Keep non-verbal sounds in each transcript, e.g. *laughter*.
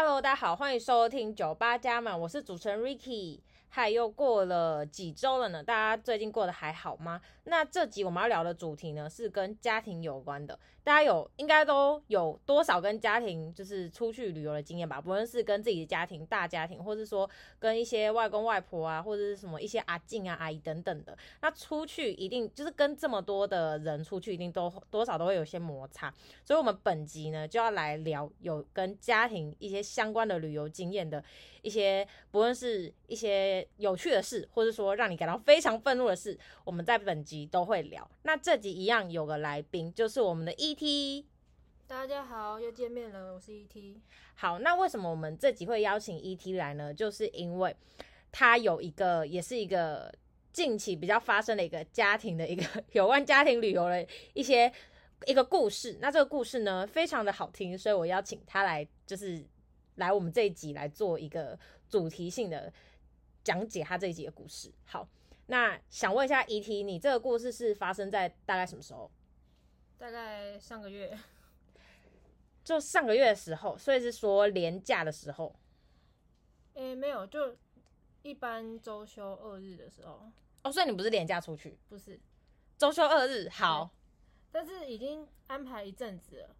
Hello，大家好，歡迎收聽酒吧家們，我是主持人 Ricky。嗨，還又過了幾週了呢？大家最近過得還好嗎？那這集我們要聊的主題呢，是跟家庭有關的。大家有應該都有多少跟家庭就是出去旅遊的經驗吧？不論是跟自己的家庭、大家庭，或是說跟一些外公外婆啊，或者是什麼一些阿靜啊、阿姨等等的，那出去一定就是跟這麼多的人出去，一定都多少都會有些摩擦。所以，我們本集呢就要來聊有跟家庭一些相關的旅遊經驗的。一些不論是一些有趣的事，或是說讓你感到非常憤怒的事，我們在本集都會聊。那這集一樣有個來賓，就是我們的 ET。大家好，又見面了，我是 ET。好，那為什麼我們這集會邀請 ET 來呢？就是因為他有一個，也是一個近期比較發生的一個家庭的一個有關家庭旅遊的一些一個故事。那這個故事呢，非常的好聽，所以我邀請他來，就是。來，我們這一集來做一個主題性的講解，他這一集的故事。好，那想問一下 ET，你這個故事是發生在大概什麼時候？大概上個月，就上個月的時候，所以是說連假的時候。哎、欸，沒有，就一般周休二日的時候。哦，所以你不是連假出去？不是，周休二日好，但是已經安排一陣子了。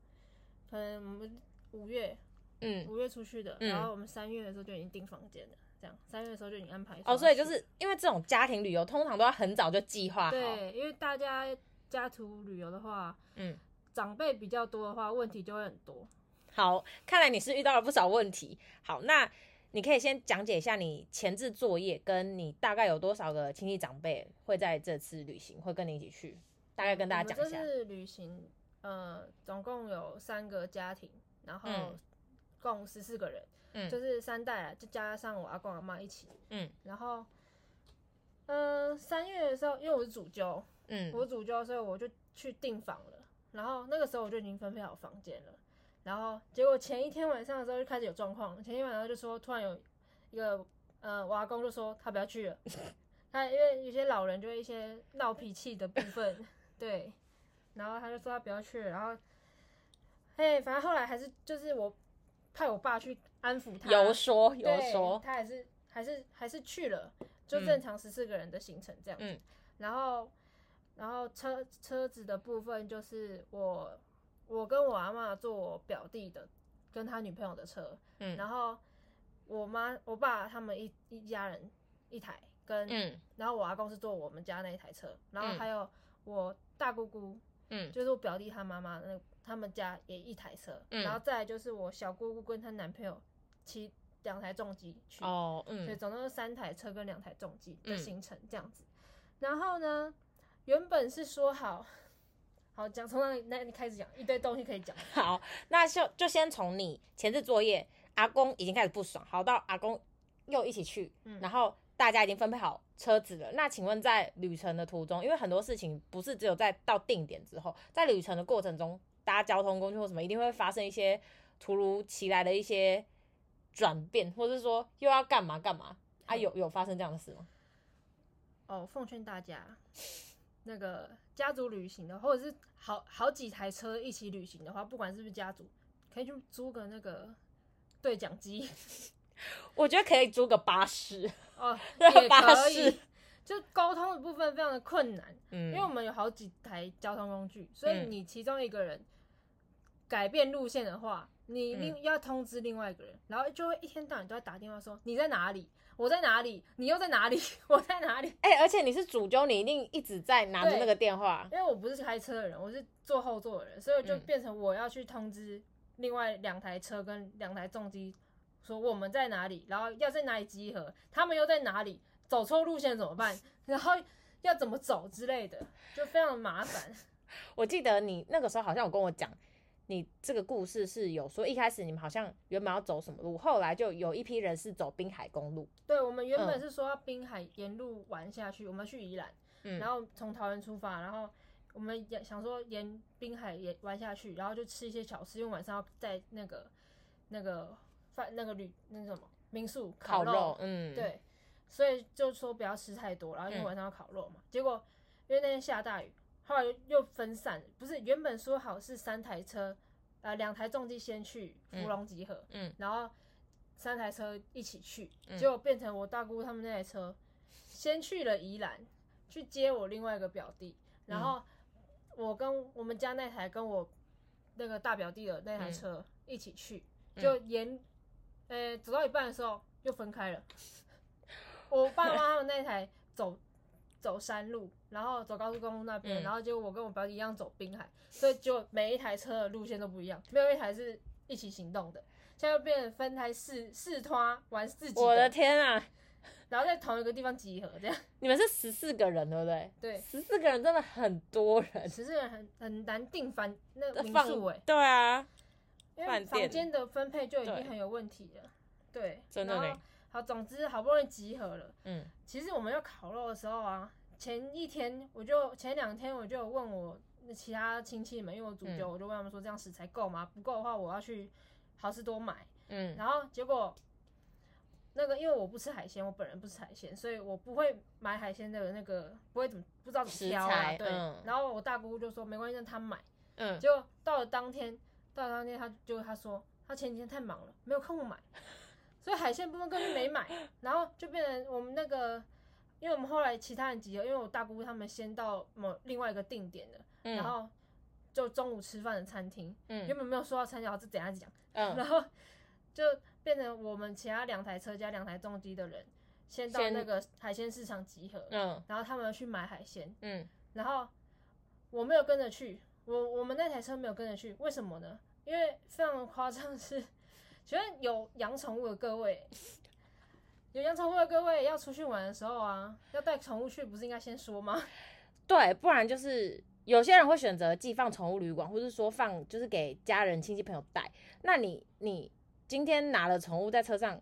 可能，我們五月。嗯，五月出去的，嗯、然後我們三月的時候就已經訂房間了，嗯、這樣三月的時候就已經安排。哦，所以就是因為這種家庭旅遊，通常都要很早就計劃好。對，因為大家家族旅遊的話，嗯，長輩比較多的話，問題就會很多。好，看來你是遇到了不少問題。好，那你可以先講解一下你前置作業，跟你大概有多少個親戚長輩會在這次旅行會跟你一起去，大概跟大家講一下。這次旅行，呃，總共有三個家庭，然後、嗯。共十四個人，嗯，就是三代，就加上我阿公阿嬤一起，嗯，然後，呃，三月的時候，因為我是主揪，嗯，我是主揪，所以我就去訂房了。然後那個時候我就已經分配好房間了。然後結果前一天晚上的時候就開始有狀況，前一天晚上就說突然有一個呃，我阿公就說他不要去了，他 *laughs* 因為有些老人就一些鬧脾氣的部分， *laughs* 對，然後他就說他不要去了。然後，哎，反正後來還是就是我，派我爸去安撫他有，有說有說，他還是還是還是去了，就正常十四個人的行程這樣子。子、嗯嗯。然後然後車車子的部分就是我我跟我阿媽坐我表弟的跟他女朋友的車，嗯、然後我媽我爸他們一一家人一台，跟、嗯、然後我阿公是坐我們家那一台車，然後還有我大姑姑，嗯，就是我表弟他媽媽那個。他們家也一台車，嗯、然後再來就是我小姑姑跟她男朋友騎兩台重機去，哦，嗯，所以總共是三台車跟兩台重機的行程這樣子。嗯、然後呢，原本是說好，好講從哪裡，那你開始講一堆東西可以講。好，那就就先從你前置作業，阿公已經開始不爽，好到阿公又一起去，嗯，然後大家已經分配好車子了。那請問在旅程的途中，因為很多事情不是只有在到定點之後，在旅程的過程中。搭交通工具或什麼，一定會發生一些突如其來的一些轉變，或者說又要幹嘛幹嘛啊？有？有有發生這樣的事嗎？嗯、哦，奉勸大家，那個家族旅行的，或者是好好幾台車一起旅行的話，不管是不是家族，可以去租個那個對講機。我覺得可以租個巴士哦，對，巴士就溝通的部分非常的困難，嗯、因為我們有好幾台交通工具，所以你其中一個人。嗯改變路線的話，你一定要通知另外一個人，嗯、然後就會一天到晚都在打電話說你在哪裡，我在哪裡，你又在哪裡，我在哪裡。哎、欸，而且你是主揪，你一定一直在拿着那個電話。因為我不是開車的人，我是坐後座的人，所以就變成我要去通知另外兩台車跟兩台重機、嗯、說我們在哪裡，然後要在哪裡集合，他們又在哪裡？走錯路線怎麼辦？ *laughs* 然後要怎麼走之類的，就非常的麻煩。我記得你那個時候好像有跟我講。你這個故事是有說，一開始你們好像原本要走什麼路，後來就有一批人是走濱海公路。對，我們原本是說要濱海沿路玩下去，我們要去宜蘭，嗯，然後從桃園出發，然後我們也想說沿濱海沿玩下去，然後就吃一些小吃，因為晚上要在那個那個飯那個旅那什麼民宿烤肉，烤肉，嗯，對，所以就說不要吃太多，然後因為晚上要烤肉嘛，嗯，結果因為那天下大雨。後來又分散，不是原本說好是三台車，呃，兩台重機先去福隆集合，嗯，嗯，然後三台車一起去，結果、嗯、變成我大姑他們那台車先去了宜蘭去接我另外一個表弟，嗯、然後我跟我們家那台跟我那個大表弟的那台車一起去，嗯嗯、就沿呃、欸、走到一半的時候又分開了，我爸媽他們那台走。 *laughs* 走山路，然後走高速公路那邊，嗯、然後結果我跟我表弟一樣走濱海，所以就每一台車的路線都不一樣，沒有一台是一起行動的，現在變成分台四四拖玩自己的，我的天啊！然後在同一個地方集合，這樣，你們是十四個人對不對？對，十四個人真的很多人，十四個人很很難訂房那民宿誒。對啊，因為飯店房間的分配就已經很有問題了。對，對真的嘞。總之，好不容易集合了。嗯，其實我們要烤肉的時候啊，前一天我就前兩天我就問我其他親戚們，因為我煮酒，嗯、我就問他們說這樣食材夠嗎？不夠的話，我要去好市多買。嗯，然後結果那個因為我不吃海鮮，我本人不吃海鮮，所以我不會買海鮮的那個，不會怎麼不知道怎麼挑啊。材對。嗯、然後我大姑姑就說沒關係，讓他買。嗯。結果到了當天，到了當天，他就他說他前幾天太忙了，沒有空買。 *laughs* 所以海鮮部分根本沒買，然後就變成我們那個，因為我們後來其他人集合，因為我大姑姑他們先到某另外一個定點的，嗯、然後就中午吃飯的餐廳，原本、嗯、沒有說到餐廳，這等下再講。嗯、然後就變成我們其他兩台車加兩台重機的人，先到那個海鮮市場集合，嗯、然後他們去買海鮮，嗯、然後我沒有跟着去，我我們那台車沒有跟着去，為什麼呢？因為非常誇張是。覺得有養寵物的各位，有養寵物的各位要出去玩的時候啊，要帶寵物去，不是應該先說嗎？對，不然就是有些人會選擇寄放寵物旅館，或是說放就是給家人、親戚、朋友帶。那你你今天拿了寵物在車上，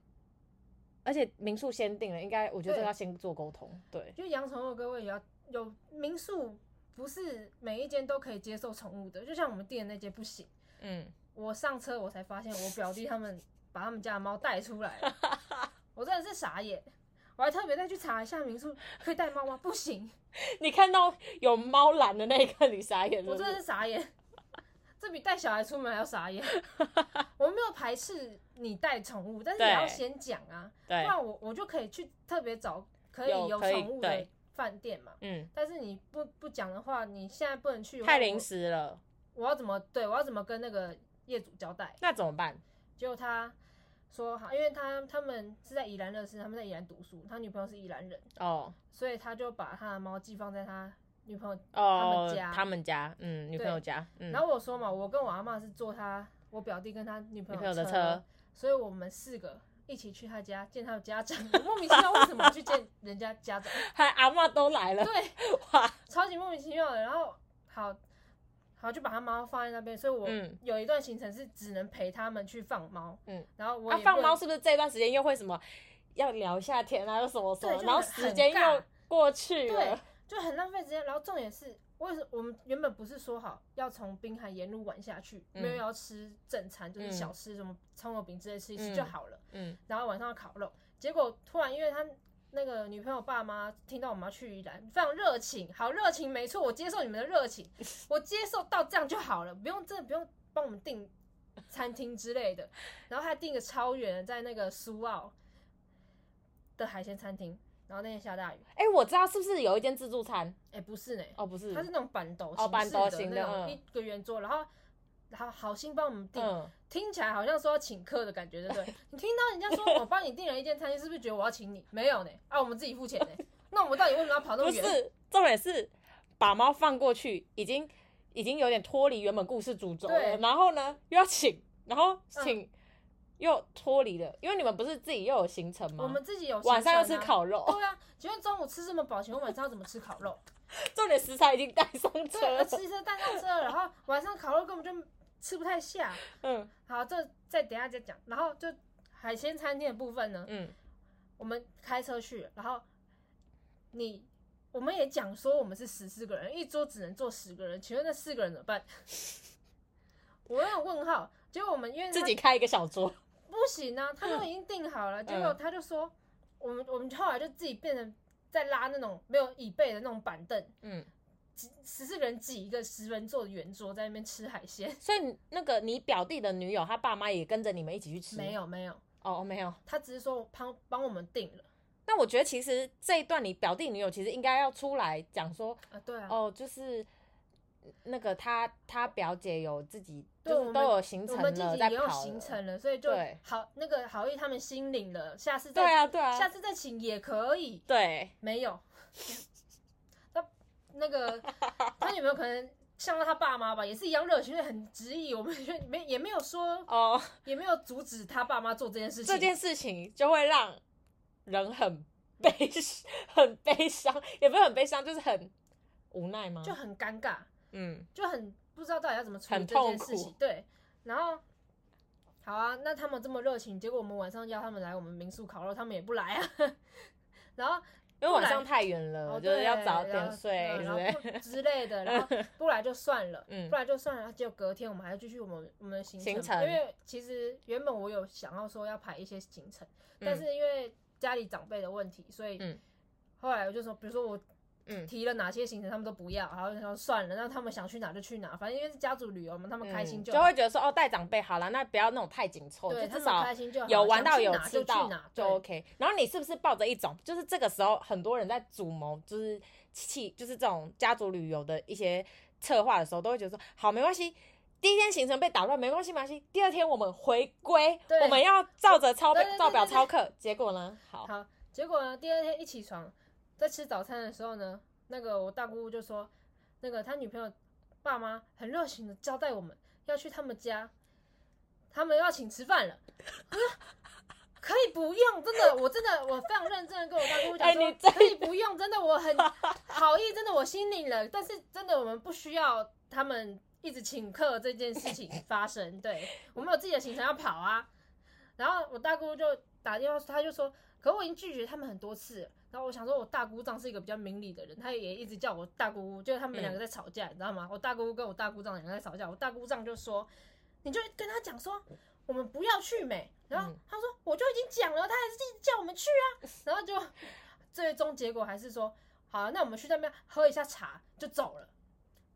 而且民宿先定了，應該我覺得這要先做溝通。對，因為養寵物的各位也要有民宿，不是每一間都可以接受寵物的，就像我們訂的那間不行。嗯。我上車，我才發現我表弟他們把他們家的貓帶出來了，我真的是傻眼。我還特別再去查一下民宿可以帶貓嗎？不行。你看到有貓籃的那一刻，你傻眼。我真的是傻眼，這比帶小孩出門還要傻眼。我沒有排斥你帶寵物，但是你要先講啊，那我我就可以去特別找可以有寵物的飯店嘛。嗯。但是你不不講的話，你現在不能去，太臨時了。我要怎麼？對，我要怎麼跟那個？業主交代，那怎麼辦？結果他說好，因為他他們是在宜蘭認識，他們在宜蘭讀書，他女朋友是宜蘭人哦，oh. 所以他就把他的貓寄放在他女朋友他們家，oh, 他們家，嗯，女朋友家。對嗯、然後我說嘛，我跟我阿嬤是坐他我表弟跟他女朋友車，女朋友的車，所以我們四個一起去他家見他的家長， *laughs* 我莫名其妙為什麼去見人家家長？還阿嬤都來了，對，哇，超級莫名其妙的。然後好。然後就把他貓放在那邊，所以我有一段行程是只能陪他們去放貓。嗯，然後我、啊、放貓是不是這段時間又會什麼要聊一下天啊，又什麼什麼，然後時間又過去了，對，就很浪費時間。然後重點是，為什麼我們原本不是說好要從濱海沿路玩下去，嗯、沒有要吃正餐，就是小吃什麼蔥油餅之類吃一吃就好了。嗯，然後晚上要烤肉，結果突然因為他。那個女朋友爸媽聽到我們要去宜蘭，非常熱情，好熱情，沒錯，我接受你們的熱情，我接受到這樣就好了，不用真的不用幫我們訂餐廳之類的，然後還訂個超遠，在那個蘇澳的海鮮餐廳，然後那天下大雨，哎、欸，我知道是不是有一間自助餐？哎、欸，不是呢，哦，oh, 不是，它是那種辦桌，哦，oh, 辦桌型的，一個圓桌，然後。好好心幫我們訂，嗯、聽起來好像說要請客的感覺，對不對？你聽到人家說我幫你訂了一間餐廳， *laughs* 是不是覺得我要請你？沒有呢，啊，我們自己付錢呢。那我們到底為什麼要跑那麼遠？不是，重點是把貓放過去，已經已經有點脫離原本故事主軸了。對然後呢，又要請，然後請、嗯、又脫離了，因為你們不是自己又有行程嗎？我們自己有行程、啊，晚上要吃烤肉。對呀、啊，今天中午吃這麼飽，請問晚上要怎麼吃烤肉？ *laughs* 重點食材已經帶上車了，食、呃、吃，帶上車，然後晚上烤肉根本就。吃不太下，嗯，好，這再等一下再講。然後就海鮮餐廳的部分呢，嗯，我們開車去，然後你我們也講說我們是十四個人，一桌只能坐十個人，請問那四個人怎麼辦？ *laughs* 我有問號。結果我們因為自己開一個小桌不行啊，他都已經訂好了。嗯，結果他就說，我們我們後來就自己變成在拉那種沒有椅背的那種板凳，嗯。十四人擠一個十人座的圓桌，在那邊吃海鮮。所以那個你表弟的女友，他爸媽也跟着你們一起去吃？沒有，沒有。哦，oh, 沒有。他只是說幫幫我們訂了。那我覺得其實這一段你表弟女友其實應該要出來講說啊，對啊。哦，oh, 就是那個他他表姐有自己，對，我們都有行程我們，我們自己也有行程了，了對所以就好那個好意，他們心領了。下次再對啊，對啊，下次再請也可以。對，沒有。 *laughs* 那個他有沒有可能像他爸媽吧，也是一樣熱情，很執意。我們就沒也沒有說，oh, 也沒有阻止他爸媽做這件事情。這件事情就會讓人很悲很悲傷，也不是很悲傷，就是很無奈嗎？就很尷尬，嗯，就很不知道到底要怎麼處理這件事情。對，然後好啊，那他們這麼熱情，結果我們晚上邀他們來我們民宿烤肉，他們也不來啊， *laughs* 然後。因為晚上太遠了，我覺得要早點睡，然後不之類的，然後不來就算了， *laughs* 嗯、不來就算了，就隔天我們還要繼續我們我們的行程，行程因為其實原本我有想要說要排一些行程，嗯、但是因為家裡長輩的問題，所以後來我就說，比如說我。嗯，提了哪些行程他們都不要，然後說算了，那他們想去哪就去哪，反正因為是家族旅遊嘛，他們開心就好、嗯、就會覺得說哦帶長輩好了，那不要那種太緊湊，對就至少有玩到有吃到就 OK。對然後你是不是抱着一種，就是這個時候很多人在主謀，就是氣，就是這種家族旅遊的一些策劃的時候，都會覺得說好沒關係，第一天行程被打亂沒關係，沒關係，第二天我們回歸，對我們要照着操，照表操課，結果呢？好，好，結果呢？第二天一起床。在吃早餐的時候呢，那個我大姑姑就說，那個他女朋友爸媽很熱情的交代我們要去他們家，他們要請吃飯了。啊，可以不用，真的，我真的我非常認真的跟我大姑姑講說可以不用，真的，我很好意，真的我心領了。但是真的我們不需要他們一直請客這件事情發生，對，我們有自己的行程要跑啊。然後我大姑姑就打電話說，他就說，可我已經拒絕他們很多次了。然後我想說，我大姑丈是一個比較明理的人，他也一直叫我大姑姑。就是、他們兩個在吵架，嗯、你知道嗎？我大姑姑跟我大姑丈兩個在吵架。我大姑丈就說：“你就跟他講說，我們不要去美。”然後他說：“嗯、我就已經講了，他還是一直叫我們去啊。”然後就最終結果還是說：“好、啊，那我們去那邊喝一下茶就走了。”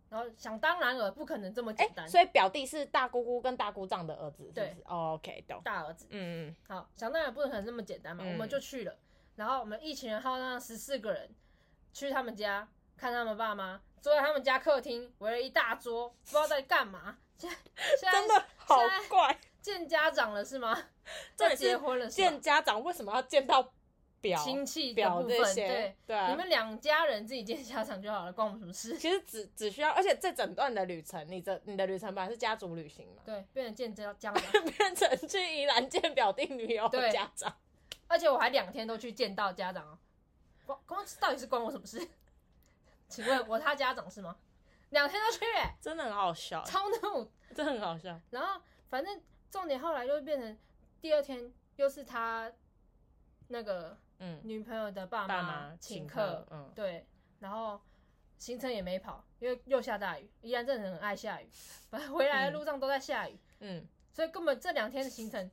然後想當然了，不可能這麼簡單。所以表弟是大姑姑跟大姑丈的兒子是不是，對，OK，懂 do. 大兒子。嗯嗯，好，想當然不可能這麼簡單嘛，嗯、我們就去了。然後我們一群人，好像十四個人，去他們家看他們爸媽，坐在他們家客廳，圍了一大桌，不知道在幹嘛。現在，現在真的好怪，見家長了是嗎？是在結婚了？見家長為什麼要見到表親戚、表弟？對，對啊，你們兩家人自己見家長就好了，關我們什麼事？其實只只需要，而且這整段的旅程，你的你的旅程本來是家族旅行嘛，對，變成見家長， *laughs* 變成去宜蘭見表弟女友家長。對而且我還兩天都去見到家長、喔，光光到底是關我什麼事？請問我他家長是嗎？兩天都去、欸，真的很好笑，超怒，真的很好笑。然後反正重點後來就變成第二天又是他那個嗯女朋友的爸媽、嗯、請客，嗯對，然後行程也沒跑，因為又下大雨，宜蘭真的很愛下雨，反正回來的路上都在下雨，嗯，嗯所以根本這兩天的行程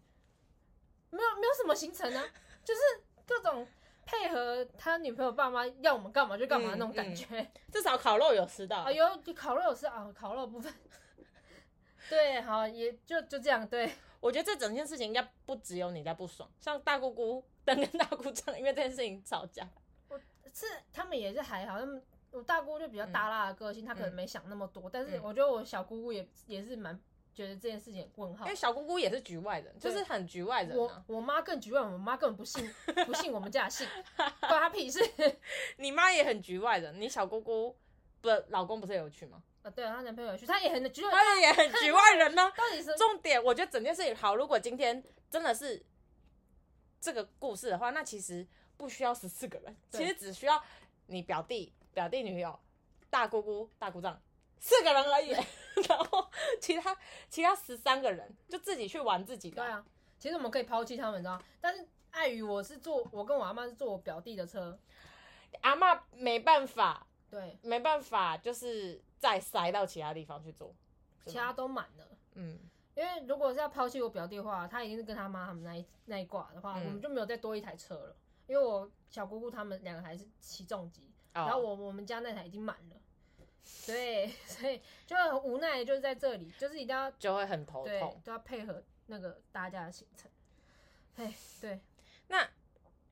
沒有沒有什麼行程呢、啊。就是各種配合他女朋友爸媽要我們幹嘛就幹嘛那種感覺、嗯嗯。至少烤肉有吃到、哎、呦烤肉有吃啊，烤肉部分。 *laughs* 對，好，也就就這樣。對，我覺得這整件事情應該不只有你在不爽，像大姑姑等等大姑丈，因為這件事情吵架。我是他們也是還好，他們我大姑姑就比較大辣的個性，她、嗯、可能沒想那麼多。嗯、但是我覺得我小姑姑也也是蠻。覺得這件事情問號，因為小姑姑也是局外人，對就是很局外人，啊我。我我媽更局外，我媽更不信， *laughs* 不信我們家的姓，關她屁事。 *laughs* 你媽也很局外人，你小姑姑不老公不是有去嗎？啊，對啊，她男朋友去，她也，她，她也很局外人，啊，她也很局外人呢。到底是重點？我覺得整件事情好，如果今天真的是這個故事的話，那其實不需要十四個人，對其實只需要你表弟、表弟女友、大姑姑、大姑丈。四個人而已，四 *laughs* 然後其他其他十三個人就自己去玩自己玩的。對啊，其實我們可以拋棄他們，你知道？但是礙於我是坐，我跟我阿嬤是坐我表弟的車，阿嬤沒辦法，對，沒辦法，就是再塞到其他地方去坐，其他都滿了。嗯，因為如果是要拋棄我表弟的話，他已經是跟他媽他們那一那一掛的話，嗯、我們就沒有再多一台車了。因為我小姑姑他們兩個還是騎重機，哦、然後我我們家那台已經滿了。對，所以就很無奈，就是在這裡，就是一定要就會很頭痛，都要配合那個大家的行程。對對，那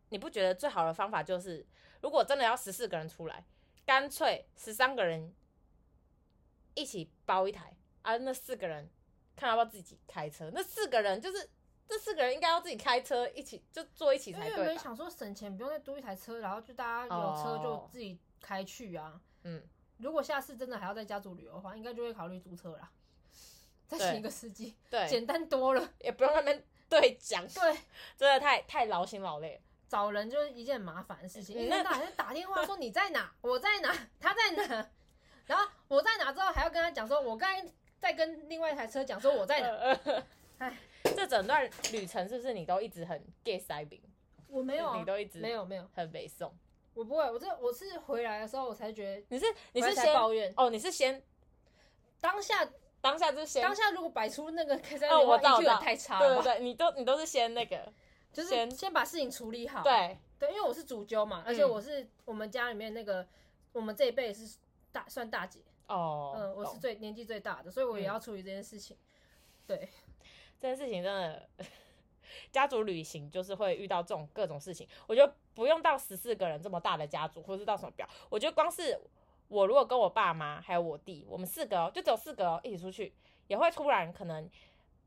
你不覺得最好的方法就是，如果真的要十四個人出來，乾脆十三個人一起包一台，而、啊、那四個人看要不要自己開車。那四個人就是這四個人應該要自己開車一起就坐一起才對。因為有人想說省錢，不用再多一台車，然後就大家有車就自己開去啊，哦、嗯。如果下次真的還要在家族旅遊的話，應該就會考慮租車啦，再請一個司機，對，簡單多了，也不用他們對講，對，真的太太勞心勞累了，找人就是一件很麻煩的事情，因為打電話說你在哪？我在哪？他在哪？然後我在哪之後還要跟他講說，我剛才在跟另外一台車講說我在哪，哎，這整段旅程是不是你都一直很 get 塞賓？我沒有啊，你都一直沒有，沒有，很沒送。我不會，我這我是回來的時候我才覺得你是你是先抱怨哦，你是先當下當下就是先當下如果擺出那個，可是在我 EQ 也太差了，對對，你都你都是先那個，就是先把事情處理好，對對，因為我是主揪嘛，而且我是我們家裡面那個我們這一輩是大算大姐哦，嗯，我是最年紀最大的，所以我也要處理這件事情，對，這件事情真的。家族旅行就是會遇到這種各種事情，我覺得不用到十四個人這麼大的家族，或者是到什麼表，我覺得光是我如果跟我爸媽還有我弟，我們四個、哦、就只有四個、哦、一起出去也會突然可能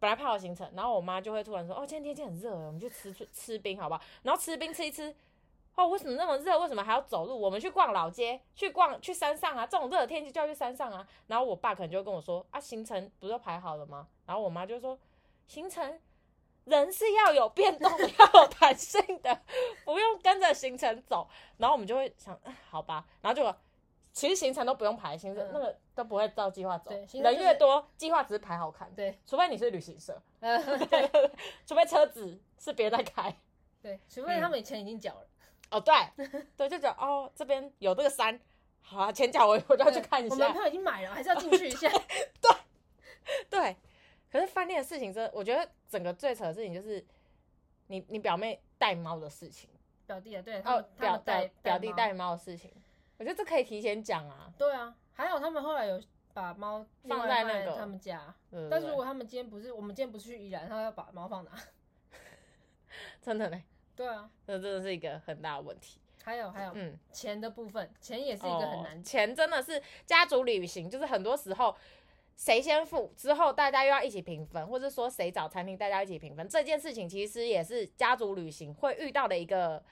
本來排好行程，然後我媽就會突然說，哦今天天氣很熱，我們去吃吃吃冰好不好？然後吃冰吃一吃，哦為什麼那麼熱？為什麼還要走路？我們去逛老街，去逛去山上啊，這種熱的天氣就要去山上啊。然後我爸可能就跟我說，啊行程不是排好了嗎？然後我媽就說行程。人是要有變動，要有彈性的，不用跟着行程走，然後我們就會想，好吧，然後就其實行程都不用排，行程那個都不會照計劃走。人越多，計劃只是排好看。對，除非你是旅行社，對，除非車子是別人在開。對，除非他們以前已經繳了。哦，對，對，就講哦，這邊有這個山，好啊，前腳我我都要去看一下。朋友已經買了，還是要進去一下。對。可是飯店的事情真的，我覺得整個最扯的事情就是你，你你表妹帶貓的事情，表弟也、啊、對哦表表，表弟帶貓的事情，嗯、我覺得這可以提前講啊。對啊，還有他們後來有把貓放在那個他們家，對對對對，但是如果他們今天不是，我們今天不是去宜蘭，他要把貓放哪？真的嘞？對啊，這真的是一個很大的問題。還有還有，嗯，錢的部分，嗯、錢也是一個很難、哦，錢真的是家族旅行，就是很多時候。誰先付之後，大家又要一起平分，或者說誰找餐廳，大家一起平分這件事情，其實也是家族旅行會遇到的一個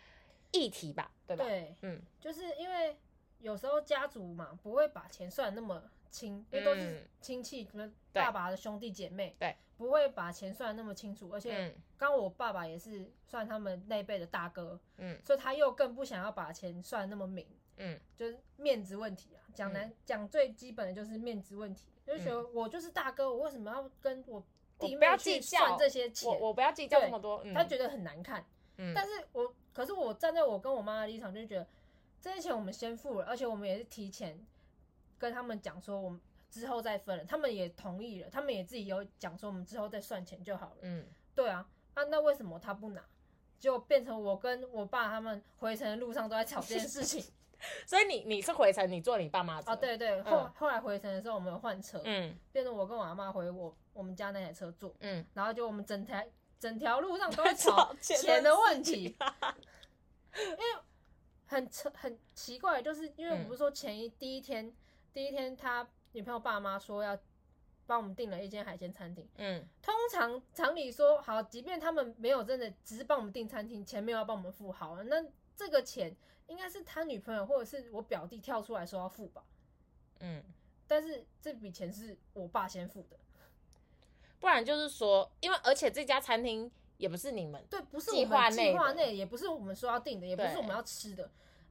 議題吧，對吧？對，嗯，就是因為有時候家族嘛，不會把錢算那麼清，因為都是親戚，什麼爸爸的兄弟姐妹，對，不會把錢算的那麼清楚，而且剛剛我爸爸也是算他們那輩的大哥，嗯，所以他又更不想要把錢算那麼明。嗯，就是面子問題啊。講難，講、嗯、最基本的就是面子問題，就覺得我就是大哥，嗯、我為什麼要跟我弟妹計較這些錢？我不要計較,對較這麼多，嗯、他覺得很難看。嗯、但是我可是我站在我跟我媽的立場，就覺得、嗯、這些錢我們先付了，而且我們也是提前跟他們講說，我們之後再分，了，他們也同意了，他們也自己有講說，我們之後再算錢就好了。嗯，對啊，啊，那為什麼他不拿？就變成我跟我爸他們回程的路上都在吵這件事情。 *laughs* 所以你你是回程，你坐你爸媽車啊？對對，後、嗯、後來回程的時候，我們有換車，嗯，變成我跟我阿媽回我我們家那台車坐，嗯，然後就我們整條整條路上都在吵錢沒錯的問題，啊、因為很很奇怪，就是因為我們說前一第一天第一天，一天他女朋友爸媽說要幫我們訂了一間海鮮餐廳，嗯，通常常理說好，即便他們沒有真的只是幫我們訂餐廳，錢沒有要幫我們付好了，那這個錢。應該是他女朋友或者是我表弟跳出來說要付吧，嗯，但是這筆錢是我爸先付的，不然就是說，因為而且這家餐廳也不是你們，對，不是我們計劃內，也不是我們說要訂的，也不是我們要吃的，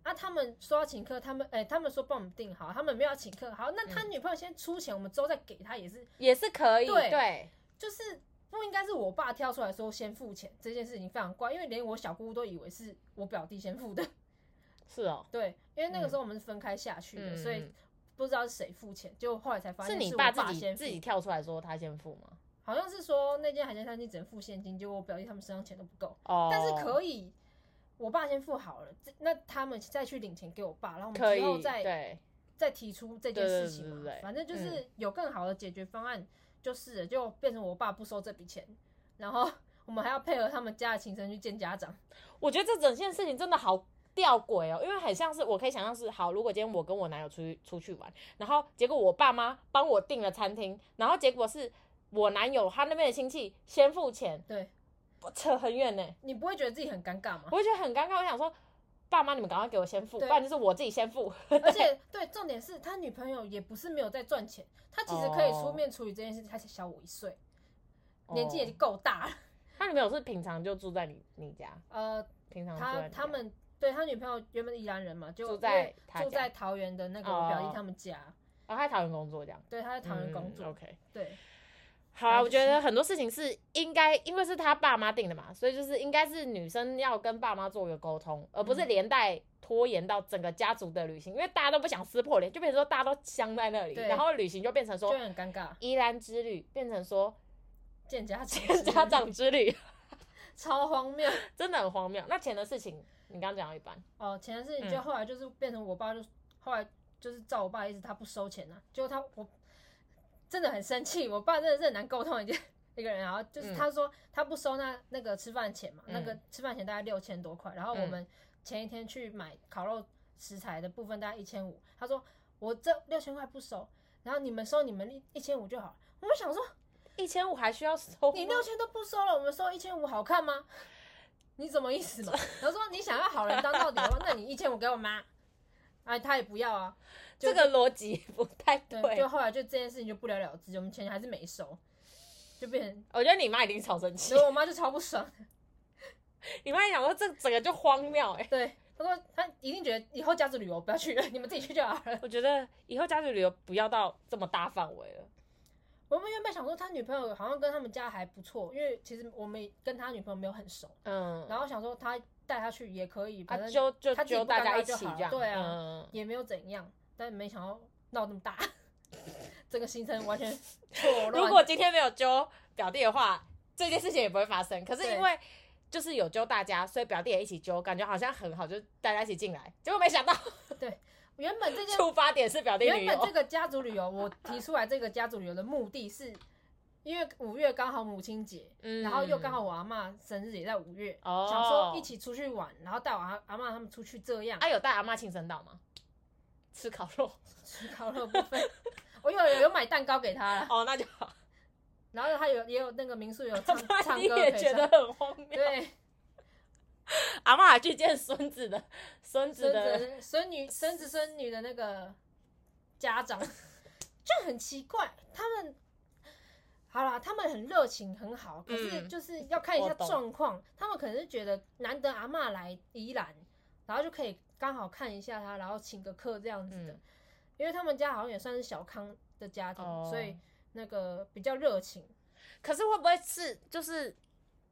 對，啊，他們說要請客，他們，哎、欸，他們說幫我們訂好，他們沒有要請客，好，那他女朋友先出錢，嗯，我們之後再給他也是，也是可以，對，對，就是不應該是我爸跳出來說先付錢，這件事情非常怪，因為連我小姑姑都以為是我表弟先付的。是哦，對，因為那個時候我們是分開下去的，嗯、所以不知道是誰付錢，嗯、就後來才發現是，是你爸自己爸先付自己跳出來說他先付嗎？好像是說那間海鮮餐廳只能付現金，結果我表弟他們身上錢都不夠，哦、但是可以，我爸先付好了，那他們再去領錢給我爸，然後我們之後再再提出這件事情嘛，反正就是有更好的解決方案，就是就變成我爸不收這筆錢，然後我們還要配合他們家的行程去見家長，我覺得這整件事情真的好。吊詭哦，因為很像是，我可以想象是好，如果今天我跟我男友出去出去玩，然後結果我爸媽幫我訂了餐廳，然後結果是我男友他那邊的親戚先付錢，對，我扯很遠呢，你不會覺得自己很尷尬嗎？我會覺得很尷尬，我想說爸媽你們趕快給我先付，對不然就是我自己先付，對而且對，重點是他女朋友也不是沒有在賺錢，他其實可以出面處理這件事，oh. 他才小我一歲，年紀也就夠大了。Oh. 他女朋友是平常就住在你你家？呃，平常住他他們。對，他女朋友原本是宜蘭人嘛，就住在住在桃園的那個我表弟他們家。哦，哦，他在桃園工作這樣。對，他在桃園工作。嗯、OK。對。好，我覺得很多事情是應該，因為是他爸媽定的嘛，所以就是應該是女生要跟爸媽做一個溝通，而不是連帶拖延到整個家族的旅行，嗯、因為大家都不想撕破臉，就變成說大家都僵在那裡，對然後旅行就變成說就很尷尬。宜蘭之旅變成說見家長家長之旅，超荒謬， *laughs* 真的很荒謬。那錢的事情。你剛剛講到一半。哦，前段事情就後來就是變成我爸就，嗯、後來就是照我爸意思，他不收錢了，啊。就他我真的很生氣，我爸真的是很難溝通一件一個人。然後就是他說他不收那，嗯、那個吃飯錢嘛，嗯、那個吃飯錢大概六千多塊。然後我們前一天去買烤肉食材的部分大概一千五。他說，我這六千塊不收，然後你們收你們一千五就好了。我們想說一千五還需要收？你六千都不收了，我們收一千五好看嗎？你怎麼意思嘛？ *laughs* 他說你想要好人當到底的話，那你一千五給我媽，哎，他也不要啊。就是、這個邏輯不太對，對。就後來就這件事情就不了了之，我們錢還是沒收，就變成我覺得你媽一定超生氣，所以我媽就超不爽。 *laughs* 你媽一想說這整個就荒謬哎、欸。對，他說他一定覺得以後家族旅遊不要去了，你們自己去就好了。我覺得以後家族旅遊不要到這麼大範圍了。我們原本想說他女朋友好像跟他們家還不錯，因為其實我們跟他女朋友沒有很熟。嗯。然後想說他帶他去也可以，反正揪、啊、就揪大家一起這樣。對啊，嗯、也沒有怎樣，但沒想到鬧那麼大， *laughs* 整個行程完全錯亂了。如果今天沒有揪表弟的話， *laughs* 這件事情也不會發生。可是因為就是有揪大家，所以表弟也一起揪，感覺好像很好，就大家一起進來。結果沒想到， *laughs* 對。原本這件出發點是表弟，原本這個家族旅遊，我提出來這個家族旅遊的目的是因為五月剛好母親節，嗯、然後又剛好我阿嬤生日也在五月，哦、想說一起出去玩，然後帶我阿阿嬤他們出去這樣。他、啊、有帶阿嬤慶生到嗎？吃烤肉，吃烤肉部分，不 *laughs* 我有有，有買蛋糕給他了。哦，那就好。然後他有也有那個民宿有唱唱歌， *laughs* 也覺得很荒謬。對。阿媽去見孫子的孫子的孫女孫子孫女的那個家長 *laughs* 就很奇怪，他們好啦，他們很熱情很好，可是就是要看一下狀況，嗯、他們可能是覺得難得阿媽來宜蘭，然後就可以剛好看一下他，然後請個客這樣子的，嗯、因為他們家好像也算是小康的家庭，哦、所以那個比較熱情，可是會不會是就是？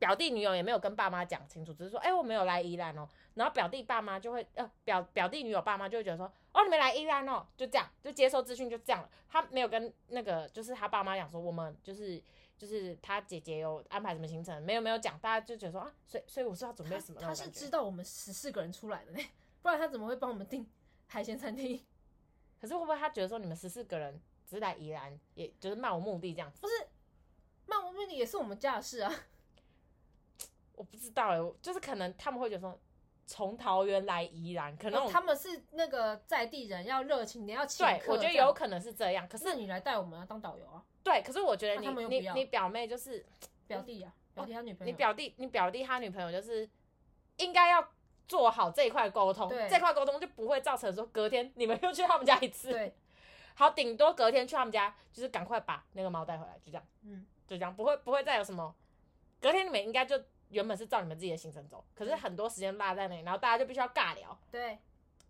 表弟女友也沒有跟爸媽講清楚，只是說：“誒、欸，我沒有來宜蘭哦。”然後表弟爸媽就會呃表表弟女友爸媽就會覺得說：“哦、喔，你沒來宜蘭哦。”就這樣就接受資訊就這樣了。他沒有跟那個就是他爸媽講說，我們就是就是他姐姐有安排什麼行程，沒有沒有講，大家就覺得說啊，所以所以我是要準備什麼？他，他是知道我們十四個人出來的呢，不然他怎麼會幫我們訂海鮮餐廳？可是會不會他覺得說你們十四個人只是來宜蘭，也就是漫無目的這樣子？不是漫無目的也是我們家的事啊。我不知道哎、欸，就是可能他們會覺得說，從桃園來宜蘭，可能、哦、他們是那個在地人，要熱情，你要請客。對，我覺得有可能是這樣。可是你來帶我們啊，當導遊啊。對，可是我覺得你、啊、你你表妹就是表弟啊，表弟他女朋友，哦、你表弟你表弟他女朋友就是應該要做好這一塊溝通，對這塊溝通就不會造成說隔天你們又去他們家一次。對。好，頂多隔天去他們家，就是趕快把那個貓帶回來，就這樣。嗯。就這樣，不會不會再有什麼。隔天你們應該就。原本是照你們自己的行程走，可是很多時間落在那裡，嗯、然後大家就必須要尬聊。對，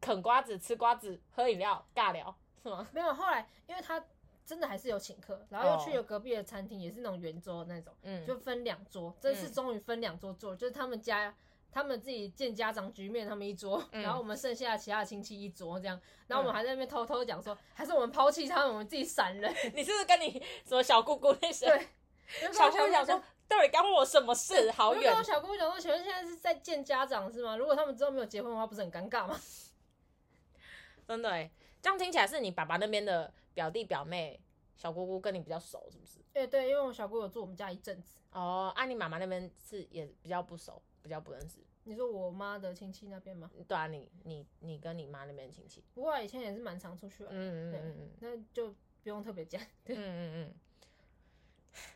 啃瓜子、吃瓜子、喝飲料、尬聊，是嗎麼？沒有，後來因為他真的還是有請客，然後又去了隔壁的餐廳，哦、也是那種圓桌的那種，嗯，就分兩桌。這次終於分兩桌坐，嗯、就是他們家他們自己見家長局面，他們一桌，嗯、然後我們剩下其他的親戚一桌這樣。然後我們還在那邊偷偷講說，嗯、還是我們拋棄他們，我們自己閃人。 *laughs* 你是不是跟你什麼小姑姑那些？對，小姑姑講說。 *laughs* 到底干我什麼事？好遠！ *laughs* 我跟小姑姑講說，請問現在是在見家長是嗎？如果他們之後沒有結婚的話，不是很尷尬嗎？真 *laughs* 的、 *laughs* 嗯，這樣聽起來是你爸爸那邊的表弟表妹小姑姑跟你比較熟，是不是、欸？對，因為我小姑姑有住我們家一陣子。哦、啊、你媽媽那你媽媽那邊是也比較不熟，比較不認識。你說我媽的親戚那邊嗎？對啊，你你你跟你媽那邊的親戚，不過以前也是蠻常出去。嗯嗯嗯，嗯，那就不用特別講。對嗯，嗯嗯嗯。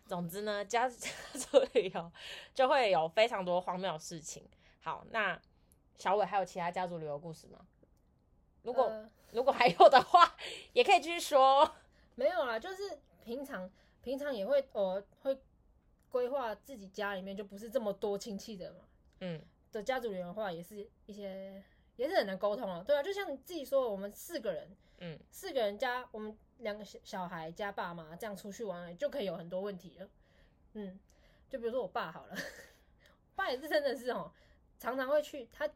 總之呢，家、家族旅遊就會有非常多荒謬的事情。好，那小偉還有其他家族旅遊故事嗎？如果、呃、如果還有的話，也可以繼續說。沒有啦，就是平常平常也會，我、哦、會規劃自己家裡面就不是這麼多親戚的嘛。嗯，的家族旅遊的話也是一些，也是很難溝通啊。對啊，就像你自己說，我們四個人。嗯，四個人加，我們兩個小小孩加爸媽這樣出去玩，就可以有很多問題了。嗯，就比如說我爸好了，爸也是真的是哦，常常會去他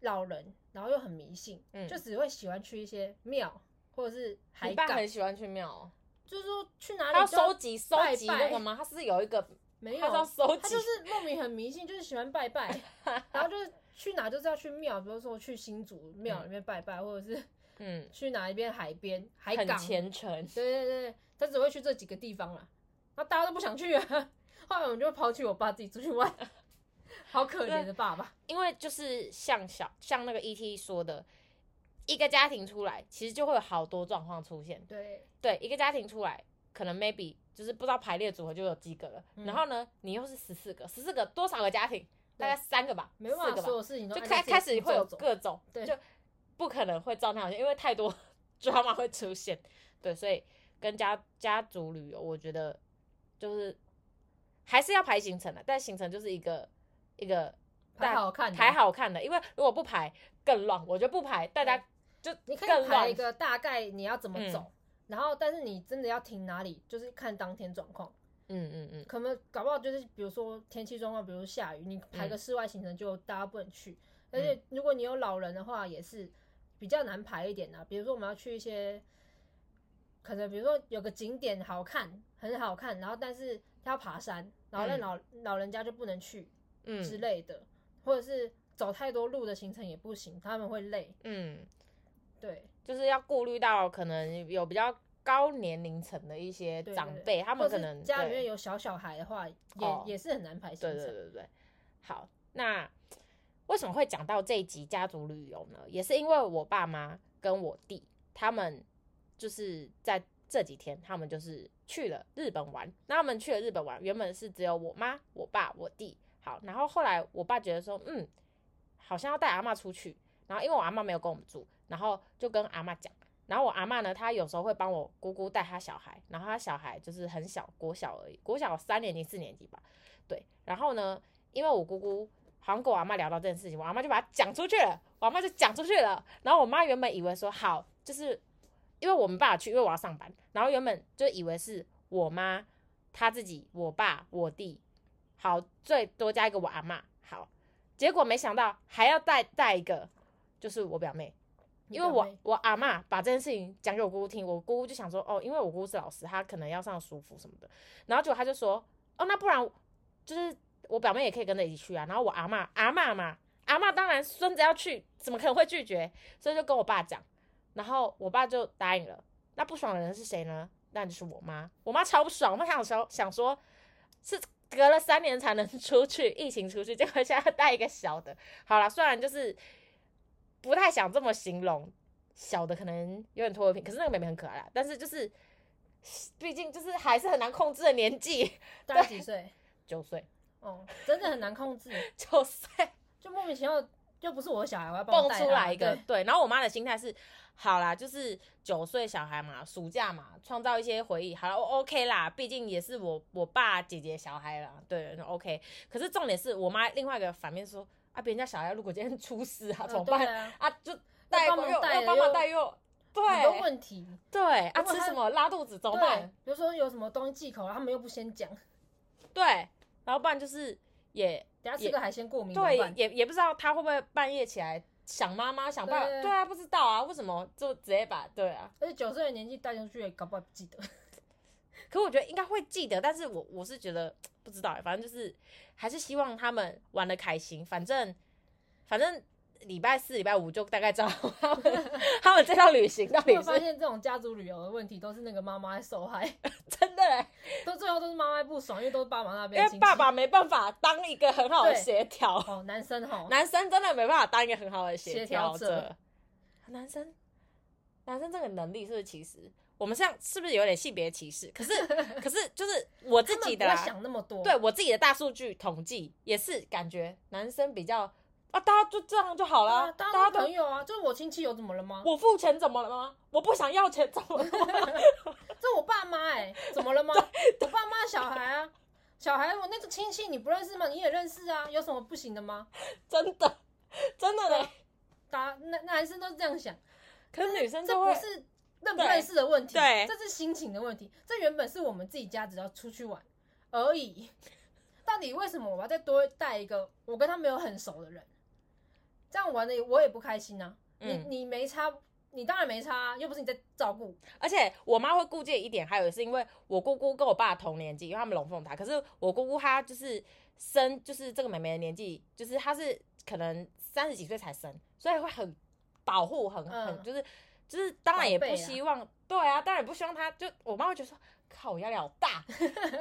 老人，然後又很迷信，嗯、就只會喜歡去一些廟或者是海。你爸很喜歡去廟、喔，就是說去哪裡要收集收集那個嗎？他是有一個沒有，他要收集，他就是莫名很迷信，就是喜歡拜拜， *laughs* 然後就是去哪就是要去廟，比如說去新竹廟裡面拜拜，嗯、或者是。嗯，去哪一邊？海邊、海港。很虔誠。對對對，他只會去這幾個地方了。那、啊、大家都不想去啊。後來我們就拋棄我爸自己出去玩，好可憐的爸爸。因為就是像小像那個 ET 說的，一個家庭出來，其實就會有好多狀況出現。對對，一個家庭出來，可能 maybe 就是不知道排列組合就有幾個了。嗯、然後呢，你又是十四個，十四個多少個家庭？對大概三個吧。沒有，四個吧。所有事情都開開始會有各種。對。就不可能會撞太好，因為太多 drama 會出現，對，所以跟家家族旅遊，我覺得就是還是要排行程的，但行程就是一個一個排好看的，排好看的，因為如果不排更亂，我覺得不排，大家就、欸、你可以排一個大概你要怎麼走，嗯、然後但是你真的要停哪裡，就是看當天狀況、嗯，嗯嗯嗯，可能搞不好就是比如說天氣狀況，比如說下雨，你排個室外行程就大家不能去，而且、嗯、如果你有老人的話，也是。比較難排一點呢、啊，比如說我們要去一些，可能比如說有個景點好看，很好看，然後但是要爬山，然後老老老人家就不能去，之類的，嗯、或者是走太多路的行程也不行，他們會累，嗯，對，就是要顧慮到可能有比較高年齡層的一些長輩，對對對，他們可能家裡面有小小孩的話，對、也、哦、也是很難排行程，對對對對，好，那。為什麼會講到這一集家族旅遊呢？也是因為我爸媽跟我弟，他們就是在這幾天，他們就是去了日本玩。那他們去了日本玩，原本是只有我媽、我爸、我弟。好，然後後來我爸覺得說，嗯，好像要帶阿嬤出去。然後因為我阿嬤沒有跟我們住，然後就跟阿嬤講。然後我阿嬤呢，她有時候會幫我姑姑帶她小孩。然後她小孩就是很小，國小而已，國小三年級、四年級吧。對。然後呢，因為我姑姑。好像跟我阿媽聊到這件事情，我阿媽就把它講出去了，我阿媽就講出去了。然後我媽原本以為說，好，就是因為我們爸爸去，因為我要上班。然後原本就以為是我媽她自己、我爸、我弟，好，最多加一個我阿媽，好。結果沒想到還要帶帶一個，就是我表妹，表妹因為我我阿媽把這件事情講給我姑姑聽，我姑姑就想說哦，因為我姑姑是老師，她可能要上暑輔什麼的。然後結果她就說哦，那不然就是。我表妹也可以跟着一起去啊，然後我阿嬤，阿嬤嘛，阿嬤當然孫子要去，怎麼可能會拒絕？所以就跟我爸講，然後我爸就答應了。那不爽的人是誰呢？那就是我媽。我媽超不爽，我媽想說，想說是隔了三年才能出去，疫情出去，結果現在要帶一個小的。好了，雖然就是不太想這麼形容，小的可能有點拖後腿，可是那個妹妹很可愛啦。但是就是，畢竟就是還是很難控制的年紀，大幾歲？九歲。哦，真的很難控制，九歲 *laughs* 歲，就莫名其妙，又不是我的小孩，我要蹦出來一個，對，對。然後我媽的心態是，好啦，就是九歲小孩嘛，暑假嘛，創造一些回憶，好了，O K 啦，畢竟也是我我爸姐姐小孩啦。對，OK。可是重點是我媽另外一個反面說，啊，別人家小孩如果今天出事啊，怎麼辦？啊，就帶幼要幫忙帶幼，對，很多問題，對。啊，吃什麼拉肚子怎麼辦？對，比如說有什麼東西忌口啊，他們又不先講，對。然後不然就是也也等下吃個海鮮過敏，對也，也也不知道他會不會半夜起來想媽媽、啊、想爸爸，對啊，不知道啊，啊為什麼就直接把對啊，而且九歲的年紀帶進去，搞不好不記得。 *laughs* 可我覺得應該會記得，但是我我是覺得不知道反正就是還是希望他們玩得開心，反正反正。禮拜四、禮拜五就大概知道他們 *laughs* 他們這趟旅行到底是。 *laughs* 我發現這種家族旅遊的問題，都是那個媽媽在受害， *laughs* 真的耶，都最後都是媽媽不爽，因為都是爸媽那邊。因為爸爸沒辦法當一個很好的協調、哦。男生哈，男生真的沒辦法當一個很好的協調者。者男生，男生這個能力是不是歧視？我們這樣是不是有點性別歧視？ *laughs* 可是可是就是我自己的啦，想那麼多，對我自己的大數據統計也是感覺男生比較。啊，大家就這樣就好啦、啊。大家朋友啊，就是我親戚有怎麼了嗎？我付錢怎麼了嗎？我不想要錢怎麼了 *laughs* 這我爸媽哎、欸，怎麼了嗎？ *laughs* 對我爸媽小孩啊，小孩我那個親戚你不認識嗎？你也認識啊？有什麼不行的嗎？真的，真的的，大男、欸、男生都是這樣想，可是女生這不是認不認識的問題，對，對這是心情的問題。這原本是我們自己家，只要出去玩而已。到底為什麼我要再多帶一個我跟他沒有很熟的人？這樣玩的，我也不開心啊！嗯、你你沒差，你當然沒差，啊，又不是你在照顧。而且我媽會顧忌一點，還有是因為我姑姑跟我爸同年紀，因為他們龍鳳胎。可是我姑姑她就是生，就是這個妹妹的年紀，就是她是可能三十幾歲才生，所以會很保護，很很，嗯、就是就是當然也不希望，對啊，當然也不希望她，就我媽會覺得說，靠，我壓力好大，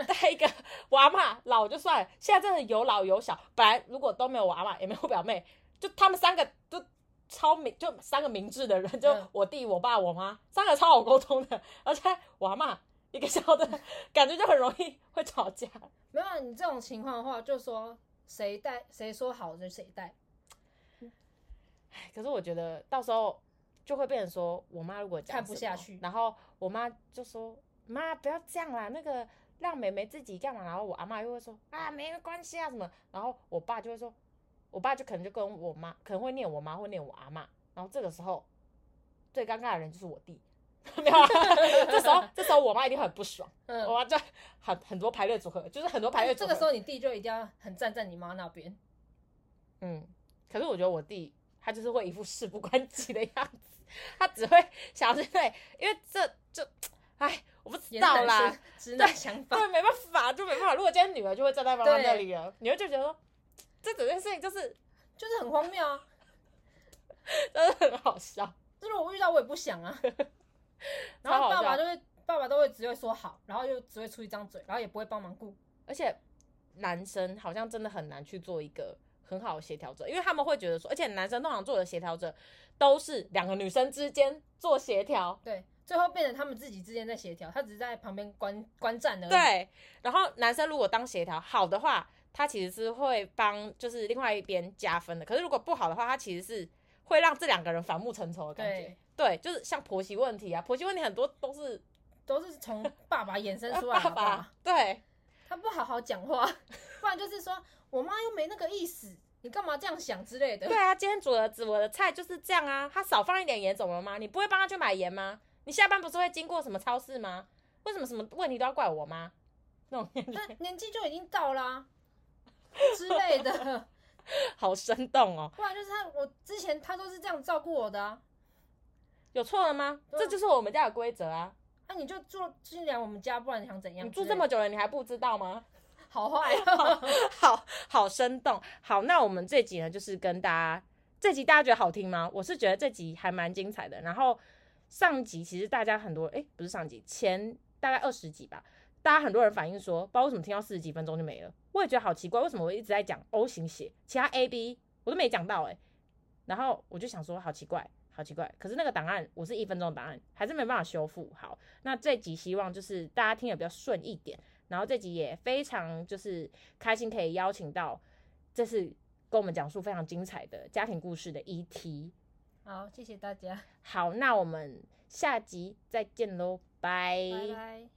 帶一個娃嘛， *laughs* 老就算了，現在真的有老有小，本來如果都沒有娃娃，也沒有表妹。就他們三個都超明，就三個明智的人，就我弟、我爸、我媽，三個超好溝通的。而且我阿嬤一個小的，感覺就很容易會吵架。嗯、沒有你這種情況的話，就說誰帶誰說好就誰帶。嗯、可是我覺得到時候就會被人說，我媽如果看不下去，然後我媽就說媽不要這樣啦，那個讓妹妹自己幹嘛？然後我阿嬤又會說啊，沒關係啊什麼？然後我爸就會說。我爸就可能就跟我媽，可能會念我媽，會念我阿嬤，然後這個時候最尷尬的人就是我弟， *laughs* 沒有啊、 *laughs* 這時候這時候我媽一定很不爽，嗯、我媽就很很多排列組合，就是很多排列組合。這個時候你弟就一定要很站在你媽那邊，嗯，可是我覺得我弟他就是會一副事不關己的樣子，他只會想着對，因為這就哎，我不知道啦，直男想法對，對，沒辦法，就沒辦法。如果今天女兒就會站在媽媽那裡了，女兒對就覺得說。這整件事情就是，就是很荒謬啊， *laughs* 但是很好笑。就是我遇到我也不想啊。 *laughs* *laughs* 然後爸爸就會，爸爸都會只會說好，然後又只會出一張嘴，然後也不會幫忙顧。而且男生好像真的很難去做一個很好的協調者，因為他們會覺得說，而且男生通常做的協調者都是兩個女生之間做協調，對，最後變成他們自己之間在協調，他只是在旁邊觀觀戰而已。對，然後男生如果當協調好的話。他其實是會幫，就是另外一邊加分的。可是如果不好的話，他其實是會讓這兩個人反目成仇的感覺。對，對，就是像婆媳問題啊，婆媳問題很多都是都是從爸爸衍生出來的。 *laughs* 啊、爸爸，爸爸對，他不好好講話，不然就是說 *laughs* 我媽又沒那個意思，你幹嘛這樣想之類的。對啊，今天煮的煮的菜就是這樣啊，他少放一點鹽怎麼了嘛？你不會幫他去買鹽嗎？你下班不是會經過什麼超市嗎？為什麼什麼問題都要怪我嗎？那種年紀就已經到了、啊。之類的， *laughs* 好生動哦！不然就是他，我之前他都是這樣照顧我的啊，有錯了嗎？啊、這就是我們家的規則啊。那、啊、你就住進來我們家，不然你想怎樣？你住這麼久了，你還不知道嗎？好壞、哦， *laughs* 好好生動。好，那我們這集呢，就是跟大家，這集大家覺得好聽嗎？我是覺得這集還蠻精彩的。然後上集其實大家很多，誒、欸，不是上集，前大概二十集吧，大家很多人反映說，不知道為什麼聽到四十幾分鐘就沒了。我也覺得好奇怪，為什麼我一直在講 O 型血，其他 A、B 我都沒講到哎、欸。然後我就想說，好奇怪，好奇怪。可是那個答案，我是一分鐘的答案，還是沒辦法修復。好，那這集希望就是大家聽得比較順一點。然後這集也非常就是開心，可以邀請到，這次跟我們講述非常精彩的家庭故事的 ET。好，謝謝大家。好，那我們下集再見嘍，拜拜。Bye bye